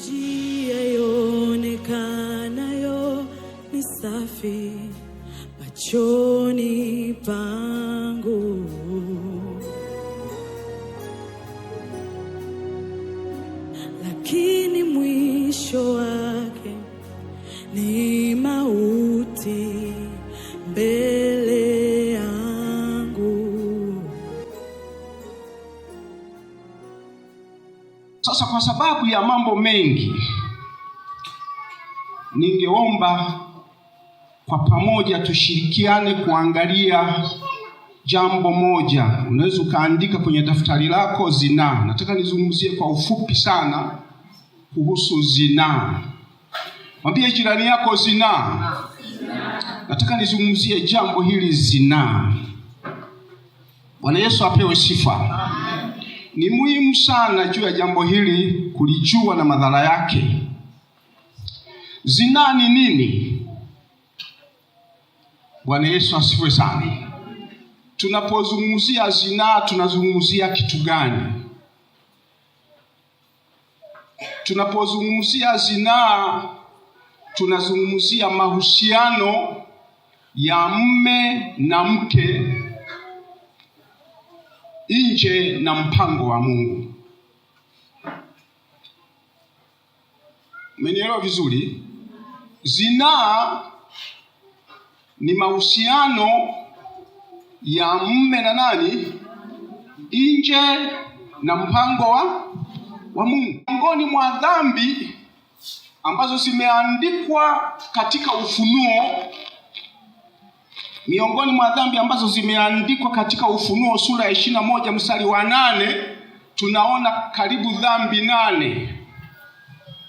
自己。Sasa kwa sababu ya mambo mengi, ningeomba kwa pamoja tushirikiane kuangalia jambo moja. Unaweza ukaandika kwenye daftari lako zinaa. Nataka nizungumzie kwa ufupi sana kuhusu zinaa. Mwambie jirani yako zinaa. Nataka nizungumzie jambo hili zinaa. Bwana Yesu apewe sifa. Ni muhimu sana juu ya jambo hili kulijua na madhara yake. Zinaa ni nini? Bwana Yesu asifiwe sana. Tunapozungumzia zinaa tunazungumzia kitu gani? Tunapozungumzia zinaa tunazungumzia mahusiano ya mme na mke nje na mpango wa Mungu. Mmenielewa vizuri? Zinaa ni mahusiano ya mume na nani nje na mpango wa, wa Mungu. Miongoni mwa dhambi ambazo zimeandikwa katika Ufunuo miongoni mwa dhambi ambazo zimeandikwa katika Ufunuo sura ya ishirini na moja mstari wa nane tunaona karibu dhambi nane,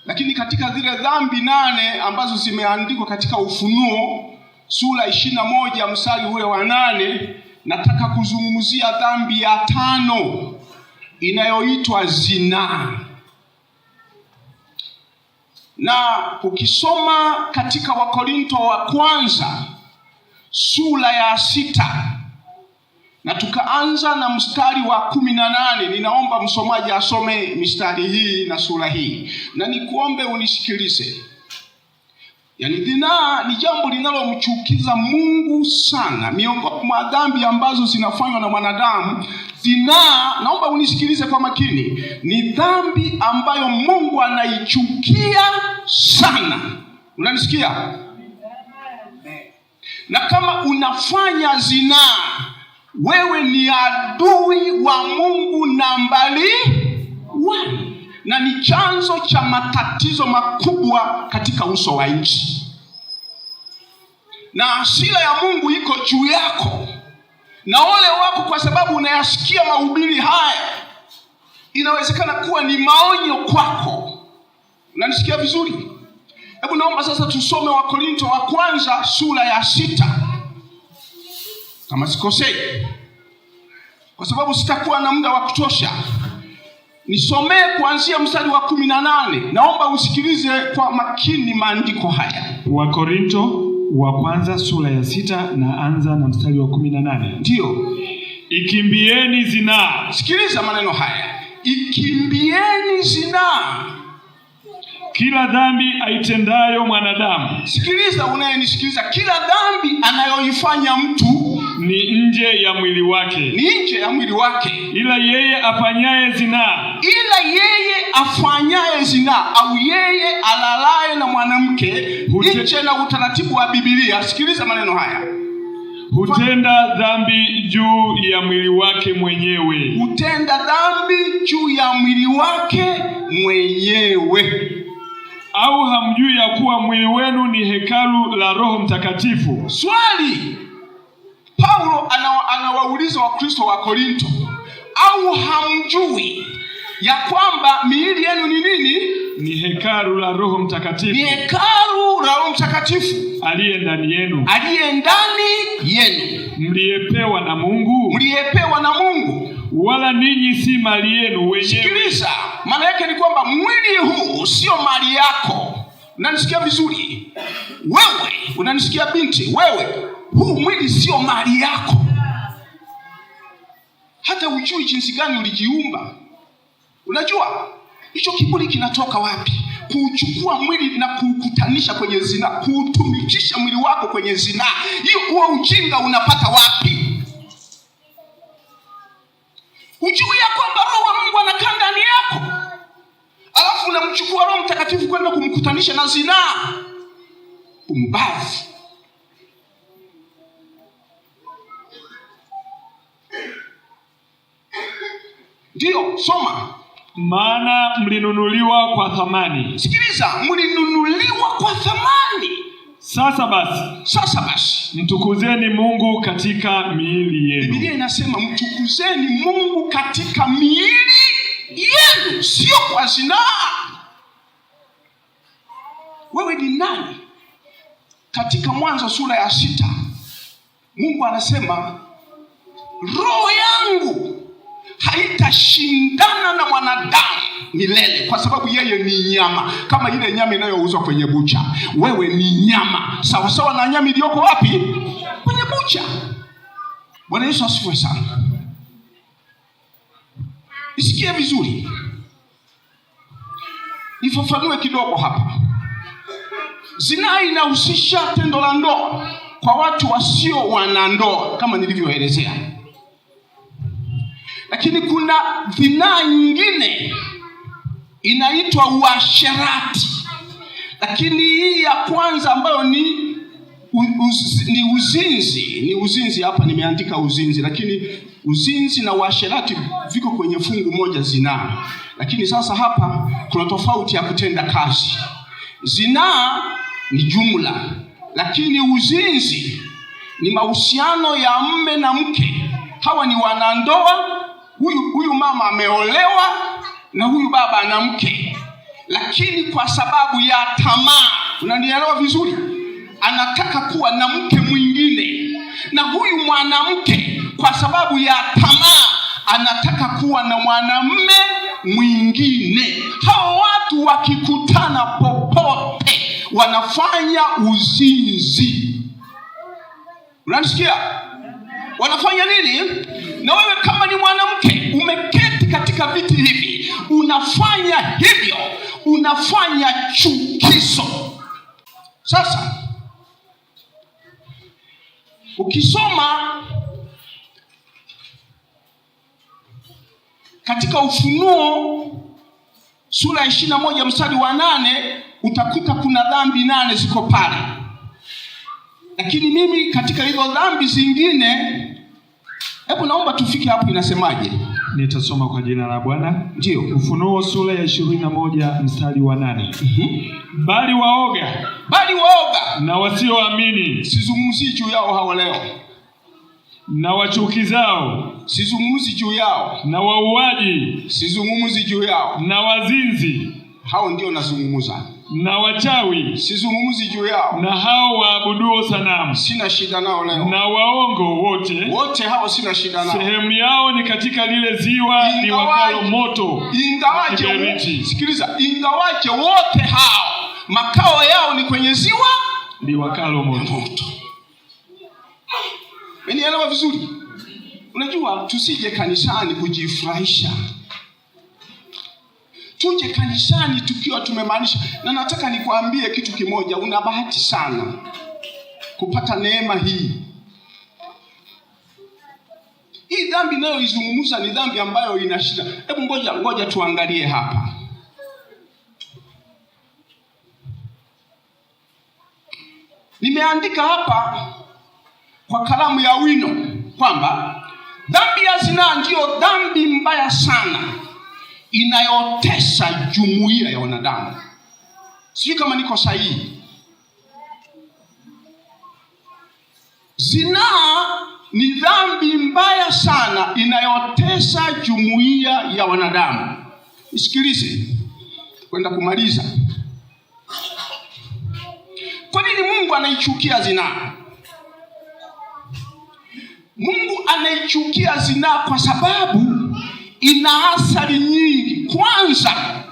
lakini katika zile dhambi nane ambazo zimeandikwa katika Ufunuo sura ishirini na moja mstari ule wa nane nataka kuzungumzia dhambi ya tano inayoitwa zinaa na ukisoma katika Wakorinto wa kwanza sura ya sita na tukaanza na mstari wa kumi na nane. Ninaomba msomaji asome mistari hii na sura hii, na nikuombe unisikilize. Yaani, zinaa ni jambo linalomchukiza Mungu sana miongoni mwa dhambi ambazo zinafanywa na mwanadamu. Zinaa, naomba unisikilize kwa makini, ni dhambi ambayo Mungu anaichukia sana. Unanisikia? na kama unafanya zinaa, wewe ni adui wa Mungu nambari wani, na ni chanzo cha matatizo makubwa katika uso wa nchi, na asila ya Mungu iko juu yako na ole wako, kwa sababu unayasikia mahubiri haya. Inawezekana kuwa ni maonyo kwako. Unanisikia vizuri? hebu naomba sasa tusome wakorinto wa kwanza sura ya sita kama sikosei kwa sababu sitakuwa na muda wa kutosha nisomee kuanzia mstari wa kumi na nane naomba usikilize kwa makini maandiko haya wakorinto wa kwanza sura ya sita na anza na mstari wa kumi na nane ndiyo ikimbieni zinaa sikiliza maneno haya ikimbieni zinaa kila dhambi aitendayo mwanadamu. Sikiliza unayenisikiliza, kila dhambi anayoifanya mtu ni nje ya mwili wake, ni nje ya mwili wake. Ila yeye afanyaye zinaa, ila yeye afanyaye zinaa, au yeye alalaye na mwanamke nje na utaratibu wa Biblia, sikiliza maneno haya hutenda dhambi juu ya mwili wake mwenyewe, hutenda dhambi juu ya mwili wake mwenyewe au hamjui ya kuwa mwili wenu ni hekalu la Roho Mtakatifu? Swali Paulo anawauliza Wakristo wa Korinto, au hamjui ya kwamba miili yenu ni nini? Ni hekalu la Roho Mtakatifu, ni hekalu la Roho Mtakatifu aliye ndani yenu, aliye ndani yenu, mliyepewa na Mungu, mliyepewa na Mungu wala ninyi si mali yenu wenyewe. Sikiliza, maana yake ni kwamba mwili huu sio mali yako. Unanisikia vizuri wewe? Unanisikia binti? Wewe, huu mwili sio mali yako, hata ujui jinsi gani ulijiumba. Unajua hicho kiburi kinatoka wapi? Kuuchukua mwili na kuukutanisha kwenye zinaa, kuutumikisha mwili wako kwenye zinaa, hiyo huo ujinga unapata wapi? hujui ya kwamba roho wa Mungu anakaa ndani yako, alafu unamchukua Roho Mtakatifu kwenda kumkutanisha na zinaa, umbavu. Ndiyo, soma maana mlinunuliwa kwa thamani. Sikiliza, mlinunuliwa kwa thamani. Sasa basi, sasa basi, mtukuzeni Mungu katika miili yenu. Biblia inasema mtukuzeni Mungu katika miili yenu, sio kwa zinaa. Wewe ni nani? Katika Mwanzo sura ya sita Mungu anasema roho yangu haitashindana na mwanadamu milele, kwa sababu yeye ni nyama, kama ile nyama inayouzwa kwenye bucha. Wewe ni nyama sawasawa na nyama iliyoko wapi? Kwenye bucha. Bwana Yesu asifiwe sana. Isikie vizuri, ifafanue kidogo hapa. Zinaa inahusisha tendo la ndoa kwa watu wasio wanandoa, kama nilivyoelezea lakini kuna dhinaa nyingine inaitwa uasherati, lakini hii ya kwanza ambayo ni Uz, ni uzinzi ni uzinzi. Hapa nimeandika uzinzi, lakini uzinzi na uasherati viko kwenye fungu moja, zinaa. Lakini sasa hapa kuna tofauti ya kutenda kazi. Zinaa ni jumla, lakini uzinzi ni mahusiano ya mme na mke. Hawa ni wanandoa huyu huyu mama ameolewa na huyu baba ana mke, lakini kwa sababu ya tamaa, unanielewa vizuri, anataka kuwa na mke mwingine, na huyu mwanamke kwa sababu ya tamaa anataka kuwa na mwanamme mwingine. Hao watu wakikutana popote wanafanya uzinzi, unanisikia? wanafanya nini? Na wewe kama ni mwanamke umeketi katika viti hivi, unafanya hivyo, unafanya chukizo. Sasa ukisoma katika Ufunuo sura ya ishirini na moja mstari wa nane utakuta kuna dhambi nane ziko pale, lakini mimi katika hizo dhambi zingine Hebu naomba tufike hapo, inasemaje? Nitasoma kwa jina la Bwana. Ndio, Ufunuo sura ya ishirini na moja mstari wa nane. Mm-hmm. Bali waoga, bali waoga na wasioamini, sizungumzi juu yao hawa leo, na wachukizao, sizungumzi juu yao, na wauaji, sizungumzi juu yao, na wazinzi hao ndio nazungumza na wachawi, sizungumzi juu yao, na hao waabuduo sanamu, sina shida nao leo, na waongo wote, wote hao sina shida nao. Sehemu yao ni katika lile ziwa liwakalo moto. Ingawaje, sikiliza, ingawaje wote hao makao yao ni kwenye ziwa liwakalo moto. Menielewa vizuri? Unajua, tusije kanisani kujifurahisha tuje kanisani tukiwa tumemaanisha. Na nataka nikuambie kitu kimoja, una bahati sana kupata neema hii. Hii dhambi inayoizungumza ni dhambi ambayo ina shida. Hebu ngoja ngoja tuangalie hapa. Nimeandika hapa kwa kalamu ya wino kwamba dhambi ya zinaa ndiyo dhambi mbaya sana inayotesa jumuiya ya wanadamu. Sijui kama niko sahihi. Zinaa ni dhambi mbaya sana inayotesa jumuiya ya wanadamu. Nisikilize kwenda kumaliza. Kwa nini Mungu anaichukia zinaa? Mungu anaichukia zinaa kwa sababu ina athari nyingi. Kwanza,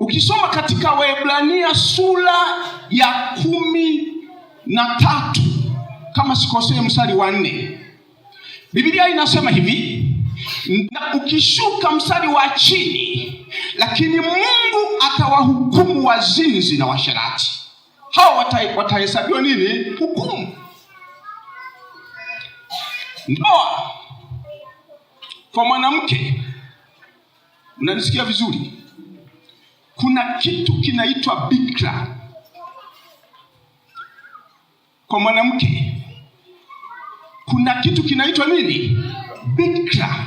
ukisoma katika Waebrania sura ya kumi na tatu kama sikosee, mstari wa nne Biblia inasema hivi, na ukishuka mstari wa chini, lakini Mungu atawahukumu wazinzi na washerati. Hao watahesabiwa nini? Hukumu, ndoa kwa mwanamke, unanisikia vizuri? Kuna kitu kinaitwa bikra kwa mwanamke, kuna kitu kinaitwa nini? Bikra.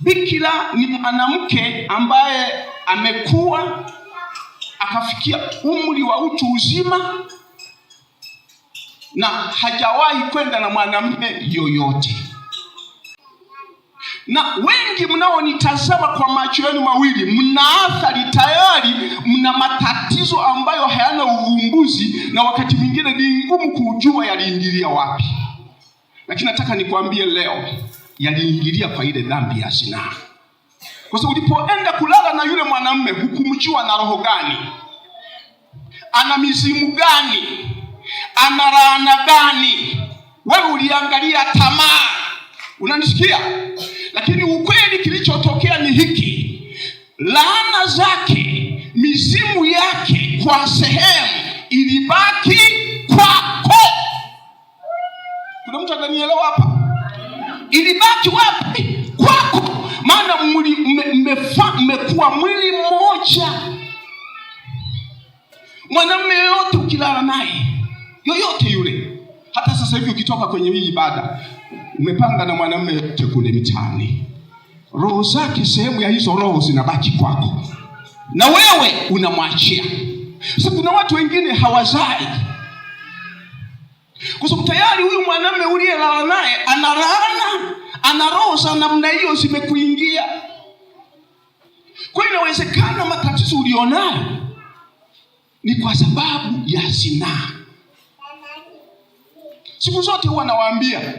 Bikira ni mwanamke ambaye amekuwa akafikia umri wa utu uzima na hajawahi kwenda na mwanamume yoyote na wengi mnaonitazama kwa macho yenu mawili, mna athari tayari, mna matatizo ambayo hayana uvumbuzi, na wakati mwingine ni ngumu kujua yaliingilia wapi, lakini nataka nikwambie leo, yaliingilia kwa ile dhambi ya zinaa, kwa sababu ulipoenda kulala na yule mwanamume hukumjua na roho gani, ana mizimu gani, ana laana gani? Wewe uliangalia tamaa, unanisikia? Lakini ukweli kilichotokea ni hiki, laana zake, mizimu yake kwa sehemu ilibaki kwako. Kuna mtu atanielewa hapa? Ilibaki wapi? Kwako, maana mmekuwa mwili mmoja. Mwanamume yoyote ukilala naye yoyote yule, hata sasa hivi ukitoka kwenye hii ibada umepanga na mwanamume yote kule mitaani, roho zake, sehemu ya hizo roho zinabaki kwako na wewe unamwachia. Sasa kuna watu wengine hawazai kwa sababu tayari huyu mwanamume uliyelala naye ana laana, ana roho za namna hiyo zimekuingia. Kwa hiyo inawezekana matatizo ulionayo ni kwa sababu ya zinaa. Siku zote huwa nawaambia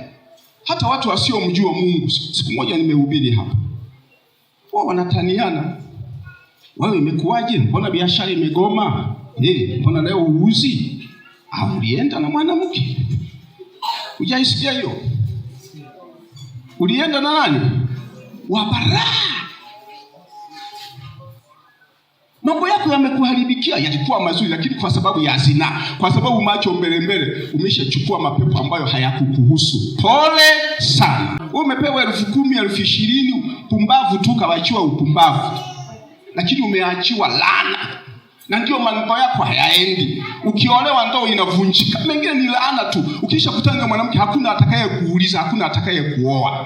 hata watu wasiomjua Mungu. Siku moja nimehubiri hapa, wao wanataniana, wewe imekuwaje? Mbona biashara imegoma? Hey, eh, mbona leo uuzi? Ah, ulienda na mwanamke? Hujaisikia hiyo? Ulienda na nani? Wabaraa Mambo yako yamekuharibikia, yalikuwa mazuri, lakini kwa sababu ya zinaa, kwa sababu macho mbele mbele, umeshachukua mapepo ambayo hayakukuhusu. Pole sana. Wewe umepewa elfu kumi elfu ishirini upumbavu tu, kawachiwa upumbavu, lakini umeachiwa laana na ndio mambo yako hayaendi. Ukiolewa ndoa inavunjika, mengine ni laana tu. Ukisha kutana na mwanamke, hakuna atakaye kuuliza, hakuna atakaye kuoa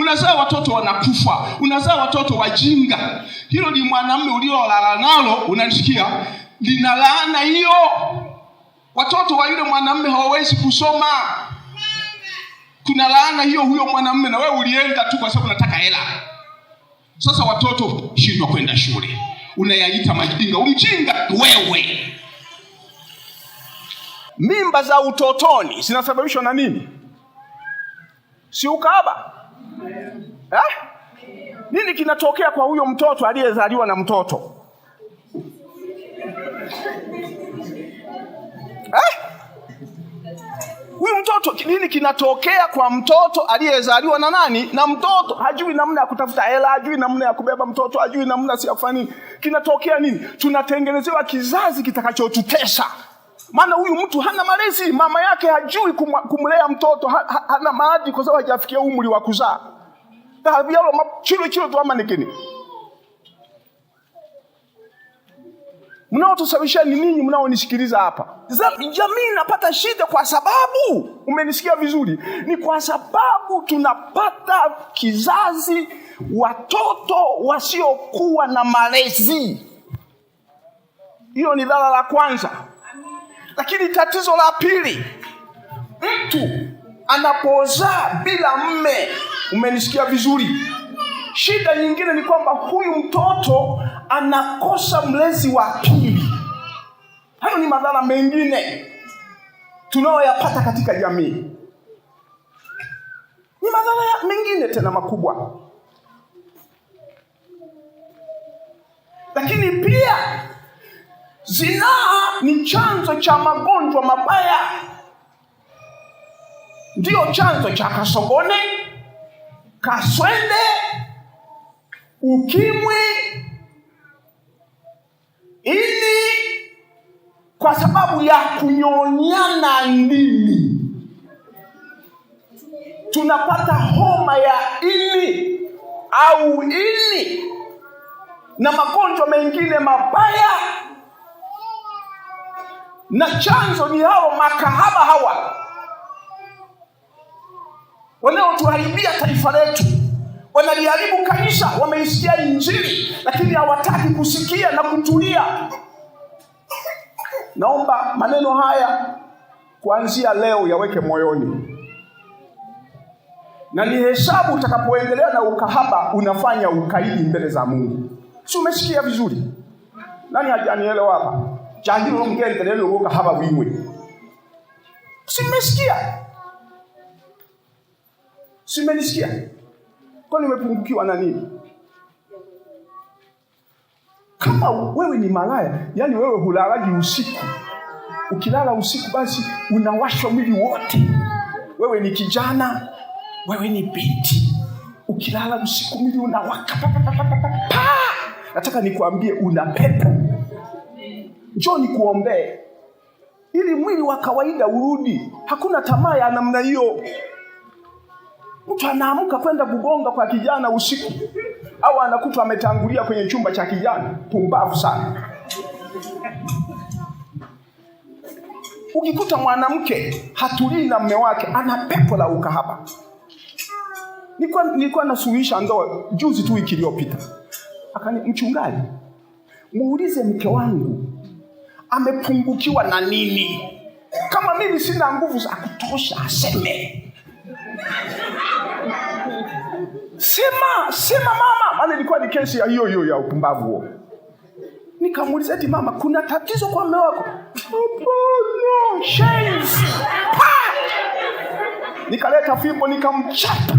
unazaa watoto wanakufa, unazaa watoto wajinga. Hilo ni mwanamume uliolala nalo, unanisikia? Lina laana hiyo. Watoto wa yule mwanamume hawawezi kusoma, kuna laana hiyo. Huyo mwanamume na wewe ulienda tu kwa sababu unataka hela. Sasa watoto shindwa kwenda shule, unayaita majinga. Umjinga wewe. Mimba za utotoni zinasababishwa na nini? Si ukahaba eh? Nini kinatokea kwa huyo mtoto aliyezaliwa na mtoto eh? Huyu mtoto nini kinatokea kwa mtoto aliyezaliwa na nani? Na mtoto hajui namna ya kutafuta hela, hajui namna ya kubeba mtoto, hajui namna si ya kufanya nini. Kinatokea nini? Tunatengenezewa kizazi kitakachotutesa. Maana huyu mtu hana malezi, mama yake hajui kumlea mtoto, hana maadili kwa sababu hajafikia umri wa kuzaa daha bir yavrum ni ninyi mnaonisikiliza hapa. Jamii inapata shida kwa sababu, umenisikia vizuri, ni kwa sababu tunapata kizazi, watoto wasiokuwa na malezi. Hiyo ni dhara la kwanza, lakini tatizo la pili, mtu anapozaa bila mme Umenisikia vizuri? Shida nyingine ni kwamba huyu mtoto anakosa mlezi wa pili. Hayo ni madhara mengine tunayoyapata katika jamii, ni madhara mengine tena makubwa. Lakini pia zinaa ni chanzo cha magonjwa mabaya, ndiyo chanzo cha kasogone kaswende, ukimwi, ini, kwa sababu ya kunyonyana ndimi. Tunapata homa ya ini au ini na magonjwa mengine mabaya, na chanzo ni hao makahaba hawa wanaotuharibia taifa letu, wanaliharibu kanisa. Wameisikia Injili lakini hawataki kusikia na kutulia. Naomba maneno haya kuanzia leo yaweke moyoni, na ni hesabu utakapoendelea na ukahaba, unafanya ukaidi mbele za Mungu. Si umesikia vizuri? Nani hajanielewa hapa? jahilo mgendelelo ukahaba wimwe, si umesikia? Simenisikia kwa nimepungukiwa na nini? Kama wewe ni malaya, yani wewe hulalaji usiku. Ukilala usiku, basi unawashwa mwili wote. Wewe ni kijana, wewe ni binti, ukilala usiku mwili unawaka pa, pa, pa, pa, pa. Nataka nikuambie una pepo. Njoo nikuombee ili mwili wa kawaida urudi. Hakuna tamaa ya namna hiyo. Mtu anaamka kwenda kugonga kwa kijana usiku, au anakutwa ametangulia kwenye chumba cha kijana. Pumbavu sana. Ukikuta mwanamke hatulii na mme wake, ana pepo la ukahaba. Nilikuwa nilikuwa nasuluhisha ndoa juzi tu, wiki iliyopita, akani mchungaji, muulize mke wangu amepungukiwa na nini. Kama mimi sina nguvu za kutosha, aseme sema sema mama, maana ilikuwa ni kesi ya hiyo hiyo ya upumbavu huo. Nikamuuliza eti mama, kuna tatizo kwa mume wako? Hapana, shenzi. Nikaleta fimbo nikamchapa,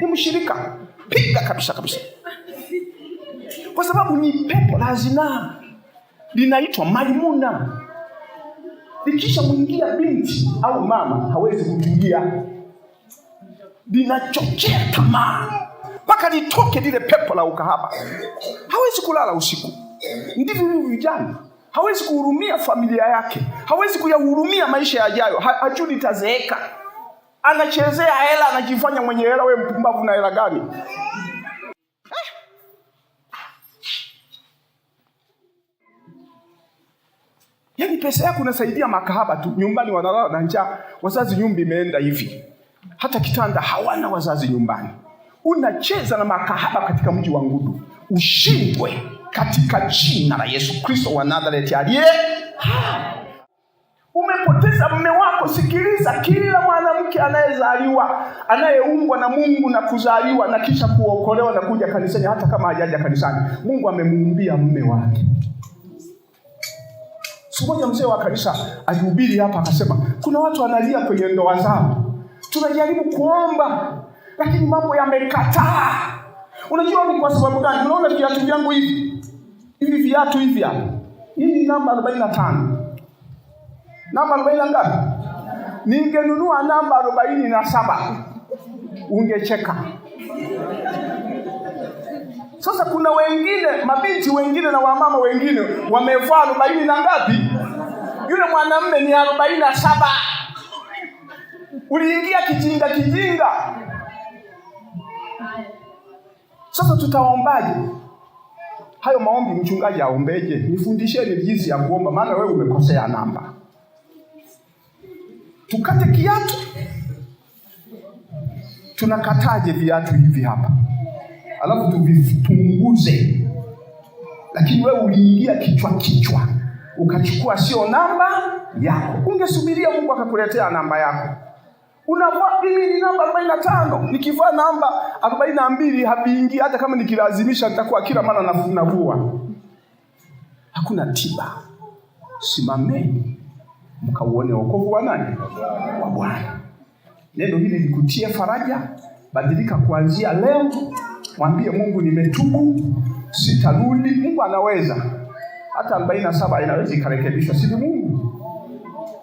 ni mshirika, piga kabisa kabisa, kwa sababu ni pepo la zinaa linaitwa maimuna. Likisha mwingia binti au mama, hawezi kuingia, linachochea tamaa mpaka litoke lile pepo la ukahaba. Hawezi kulala usiku. Ndivyo hivyo vijana, hawezi kuhurumia familia yake, hawezi kuyahurumia maisha yajayo, hajui litazeeka. Anachezea hela, anajifanya mwenye hela. We mpumbavu, na hela gani? Eh? Yaani pesa yako unasaidia makahaba tu, nyumbani wanalala na njaa, wazazi nyumba imeenda hivi, hata kitanda hawana wazazi nyumbani unacheza na makahaba katika mji wa Ngudu, ushindwe katika jina la Yesu Kristo wa Nazareti aliye Umepoteza mme wako. Sikiliza, kila mwanamke anayezaliwa anayeumbwa na Mungu na kuzaliwa na kisha kuokolewa na kuja kanisani, hata kama hajaja kanisani, Mungu amemuumbia mme wake. Siku moja mzee wa kanisa alihubiri hapa akasema, kuna watu analia kwenye ndoa zao, tunajaribu kuomba lakini mambo yamekataa. Unajua ni kwa sababu gani? Unaona viatu vyangu hivi hivi, viatu hivi hapa, hii ni namba arobaini na tano namba arobaini na ngapi? Ningenunua namba arobaini na saba ungecheka. Sasa kuna wengine mabinti wengine na wamama wengine wamevaa arobaini na ngapi? Yule mwanamme ni arobaini na saba. Uliingia kijinga kijinga sasa tutaombaje? Hayo maombi mchungaji aombeje? Nifundisheni jinsi ya kuomba, maana wewe umekosea namba. Tukate kiatu? Tunakataje viatu hivi hapa, alafu tuvipunguze? Lakini wewe uliingia kichwa kichwa, ukachukua sio namba yako. Ungesubiria Mungu akakuletea namba yako. Unavaa mimi ni namba arobaini na tano. Nikivaa namba arobaini na mbili haviingii, hata kama nikilazimisha, nitakuwa kila mara navua. Hakuna tiba. Simameni mkauone wokovu wa nani? Wa Bwana. Neno hili likutie faraja. Badilika kuanzia leo, mwambie Mungu, nimetubu, sitarudi. Mungu anaweza hata arobaini na saba inaweza ikarekebishwa, sivyo? Mungu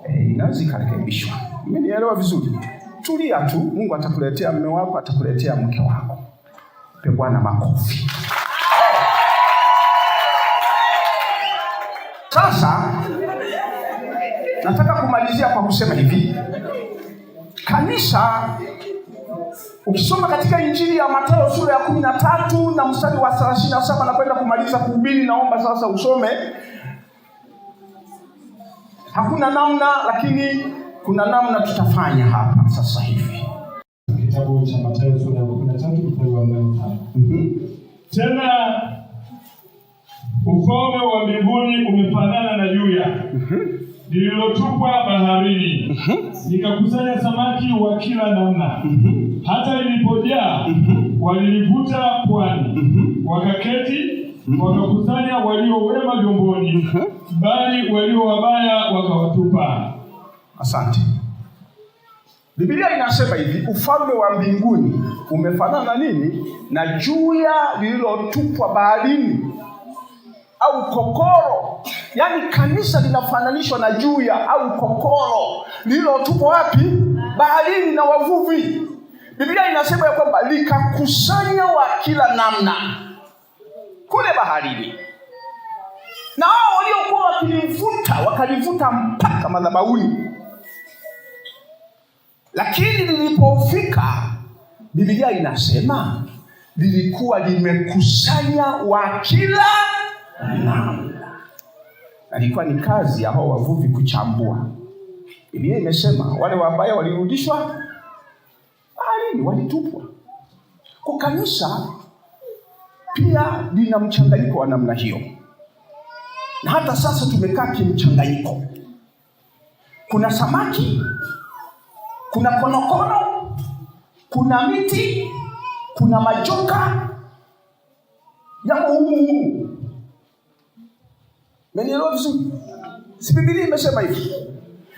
eh, inaweza ikarekebishwa. mimi nielewa vizuri? Tulia tu, Mungu atakuletea mume wako, atakuletea mke wako. Pe Bwana makofi. Sasa nataka kumalizia kwa kusema hivi, kanisa ukisoma katika Injili ya Mathayo sura ya kumi na tatu na mstari wa thelathini na saba nakwenda kumaliza kuhubiri, naomba sasa usome. Hakuna namna, lakini kuna namna tutafanya hapa sasa hivi. Kitabu cha Mathayo sura ya 13 mstari wa 5. Mhm. Tena ufalme wa mbinguni umefanana na juya mhm. lililotupwa baharini, likakusanya mhm. samaki wa kila namna, hata ilipojaa walilivuta pwani, wakaketi wakakusanya walio wema vyomboni, bali walio wabaya wakawatupa. Asante. Biblia inasema hivi, ufalme wa mbinguni umefanana nini na juya lililotupwa baharini au kokoro. Yaani kanisa linafananishwa na juya au kokoro lililotupwa wapi? Baharini na wavuvi. Biblia inasema ya kwamba likakusanya wa kila namna kule baharini, na wao waliokuwa wakilivuta wakalivuta mpaka madhabahuni lakini lilipofika, Biblia inasema lilikuwa limekusanya wa kila namna. Alikuwa ni kazi ya hao wavuvi kuchambua. Biblia imesema wale wabaya walirudishwa baharini, walitupwa. Kwa kanisa pia lina mchanganyiko wa namna hiyo, na hata sasa tumekaa kimchanganyiko. Kuna samaki kuna konokono, kuna miti, kuna majoka yako humu humu. vizuri? Si imesema hivi?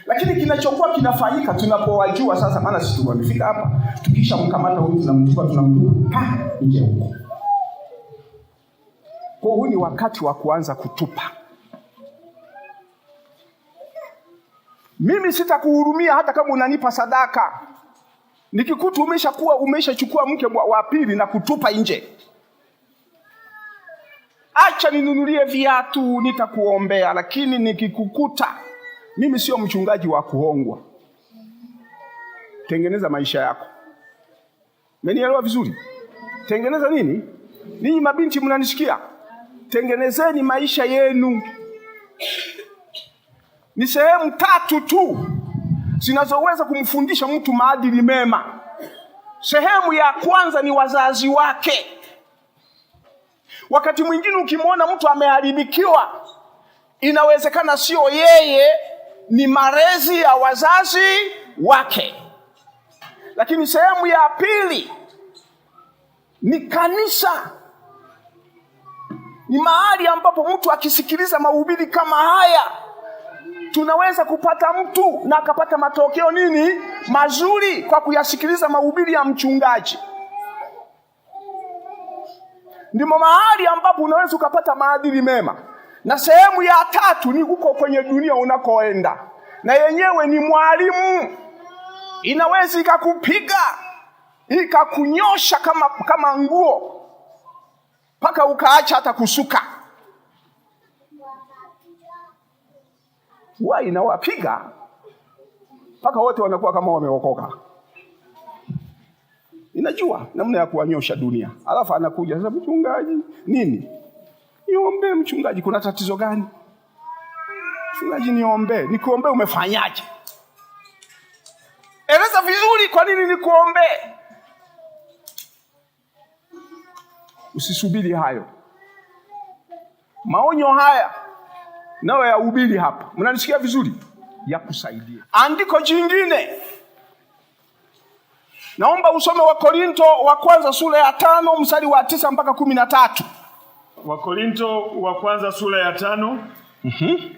Lakini kinachokuwa kinafanyika tunapowajua sasa, maana sisi wamefika hapa, mkamata huyu tunamchukua, tunamtupa nje huko. Kwa huu ni wakati wa kuanza kutupa mimi sitakuhurumia hata kama unanipa sadaka. Nikikuta umeshakuwa umeshachukua mke wa pili na kutupa nje, acha ninunulie viatu, nitakuombea. Lakini nikikukuta, mimi sio mchungaji wa kuhongwa. Tengeneza maisha yako. Menielewa vizuri? Tengeneza nini? Ninyi mabinti mnanisikia? Tengenezeni maisha yenu. Ni sehemu tatu tu zinazoweza kumfundisha mtu maadili mema. Sehemu ya kwanza ni wazazi wake. Wakati mwingine ukimwona mtu ameharibikiwa, inawezekana sio yeye, ni malezi ya wazazi wake. Lakini sehemu ya pili ni kanisa. Ni mahali ambapo mtu akisikiliza mahubiri kama haya tunaweza kupata mtu na akapata matokeo nini mazuri kwa kuyasikiliza mahubiri ya mchungaji. Ndimo mahali ambapo unaweza ukapata maadili mema, na sehemu ya tatu ni huko kwenye dunia unakoenda, na yenyewe ni mwalimu. Inaweza ikakupiga ikakunyosha kama, kama nguo mpaka ukaacha hata kusuka huwa inawapiga mpaka wote wanakuwa kama wameokoka. Inajua namna ya kuwanyosha dunia, alafu anakuja sasa, mchungaji nini, niombe mchungaji, kuna tatizo gani mchungaji? Niombe nikuombe, umefanyaje? Eleza vizuri, kwa nini nikuombe. Usisubiri hayo maonyo haya nayo yahubiri hapa, mnanisikia vizuri, yakusaidie. Andiko jingine naomba usome Wakorinto wa kwanza sura ya tano mstari wa tisa mpaka kumi na tatu. Wakorinto wa kwanza sura ya tano. mm -hmm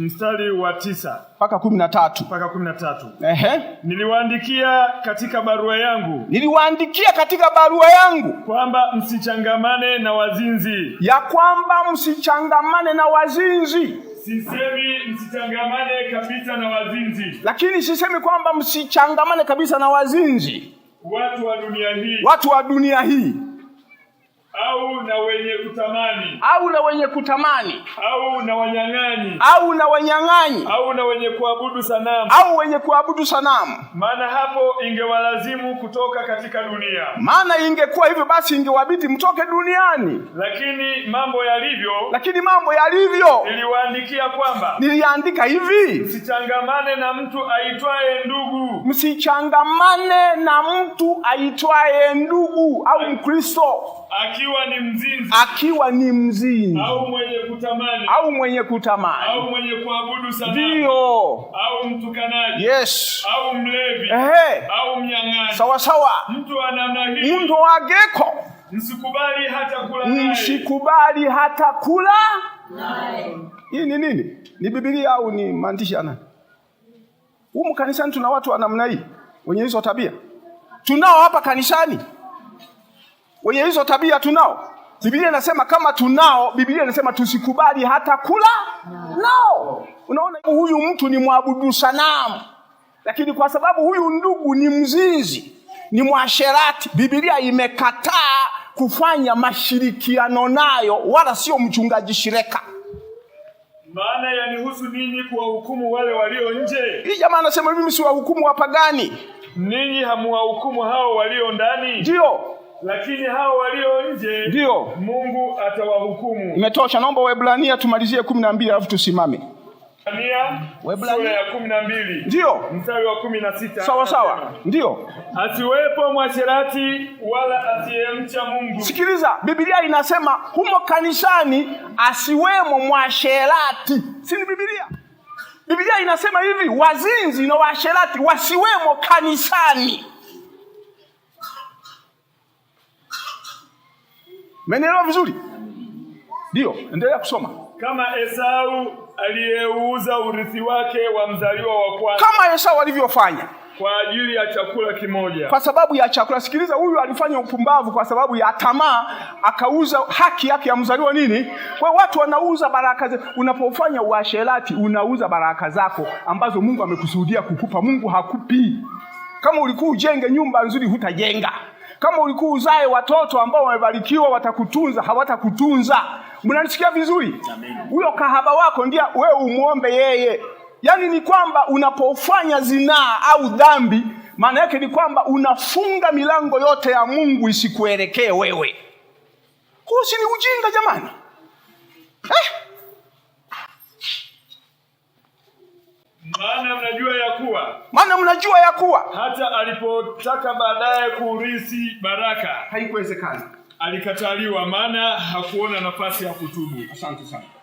mstari wa tisa mpaka kumi na tatu mpaka kumi na tatu Ehe. Niliwaandikia katika barua yangu, niliwaandikia katika barua yangu kwamba msichangamane na wazinzi, ya kwamba msichangamane na wazinzi. Sisemi msichangamane kabisa na wazinzi, lakini sisemi kwamba msichangamane kabisa na wazinzi, watu wa dunia hii, watu wa dunia hii au na wenye kutamani au na wenye kutamani au na wanyang'anyi au na wanyang'anyi au na wenye kuabudu sanamu au wenye kuabudu sanamu. Maana hapo ingewalazimu kutoka katika dunia, maana ingekuwa hivyo basi ingewabidi mtoke duniani. Lakini mambo yalivyo, lakini mambo yalivyo, niliwaandikia kwamba, niliandika hivi, msichangamane na mtu aitwaye ndugu, msichangamane na mtu aitwaye ndugu au Mkristo Aki akiwa ni mzinzi, akiwa ni mzinzi au mwenye kutamani, au mwenye kutamani, au mwenye kuabudu sanamu, ndio, au mtukanaji, yes, au mlevi, ehe, au mnyang'anyi. Sawa sawa, mtu wa namna hii, mtu wageko, msikubali hata kula naye, msikubali hata kula naye. Hii ni nini? Ni Biblia au ni maandishi ana? Humu kanisani tuna watu wa namna hii wenye hizo tabia tunao hapa kanisani. Wenye hizo tabia tunao. Biblia inasema kama tunao, Biblia inasema tusikubali hata kula nao. Unaona, huyu mtu ni mwabudu sanamu, lakini kwa sababu huyu ndugu ni mzinzi, ni mwasherati, Biblia imekataa kufanya mashirikiano nayo, wala sio mchungaji Shireka. Maana yanihusu ninyi kuwahukumu wale walio nje. Hii jamaa anasema mimi siwahukumu wapagani. Ninyi hamuwahukumu hao walio ndani? Ndio lakini hao walio nje ndio Mungu atawahukumu. Imetosha, naomba Waebrania tumalizie kumi na mbili alafu tusimame. Sura ya kumi na mbili ndio mstari wa kumi na sita sawa sawa, ndio asiwepo mwasherati wala asiyemcha Mungu. Sikiliza, Biblia inasema humo kanisani asiwemo mwasherati, si ni Biblia? Biblia inasema hivi, wazinzi na washerati wasiwemo kanisani. Mmenielewa vizuri? Ndio, endelea kusoma. Kama Esau aliyeuza urithi wake wa mzaliwa wa kwanza, kama Esau alivyofanya kwa ajili ya chakula kimoja, kwa sababu ya chakula. Sikiliza, huyu alifanya upumbavu kwa sababu ya tamaa, akauza haki yake ya mzaliwa nini. Kwa watu wanauza baraka zao. Unapofanya uasherati, unauza baraka zako ambazo Mungu amekusudia kukupa. Mungu hakupi. Kama ulikuwa ujenge nyumba nzuri, hutajenga. Kama ulikuwa uzae watoto ambao wamebarikiwa, watakutunza, hawatakutunza. Mnanisikia vizuri? Huyo kahaba wako ndio wewe, umwombe yeye. Yaani ni kwamba unapofanya zinaa au dhambi, maana yake ni kwamba unafunga milango yote ya Mungu isikuelekee wewe. Huo si ni ujinga jamani, eh? Maana mnajua ya kuwa maana mnajua ya kuwa hata alipotaka baadaye kuurithi baraka haikuwezekana, alikataliwa, maana hakuona nafasi ya kutubu. Asante sana.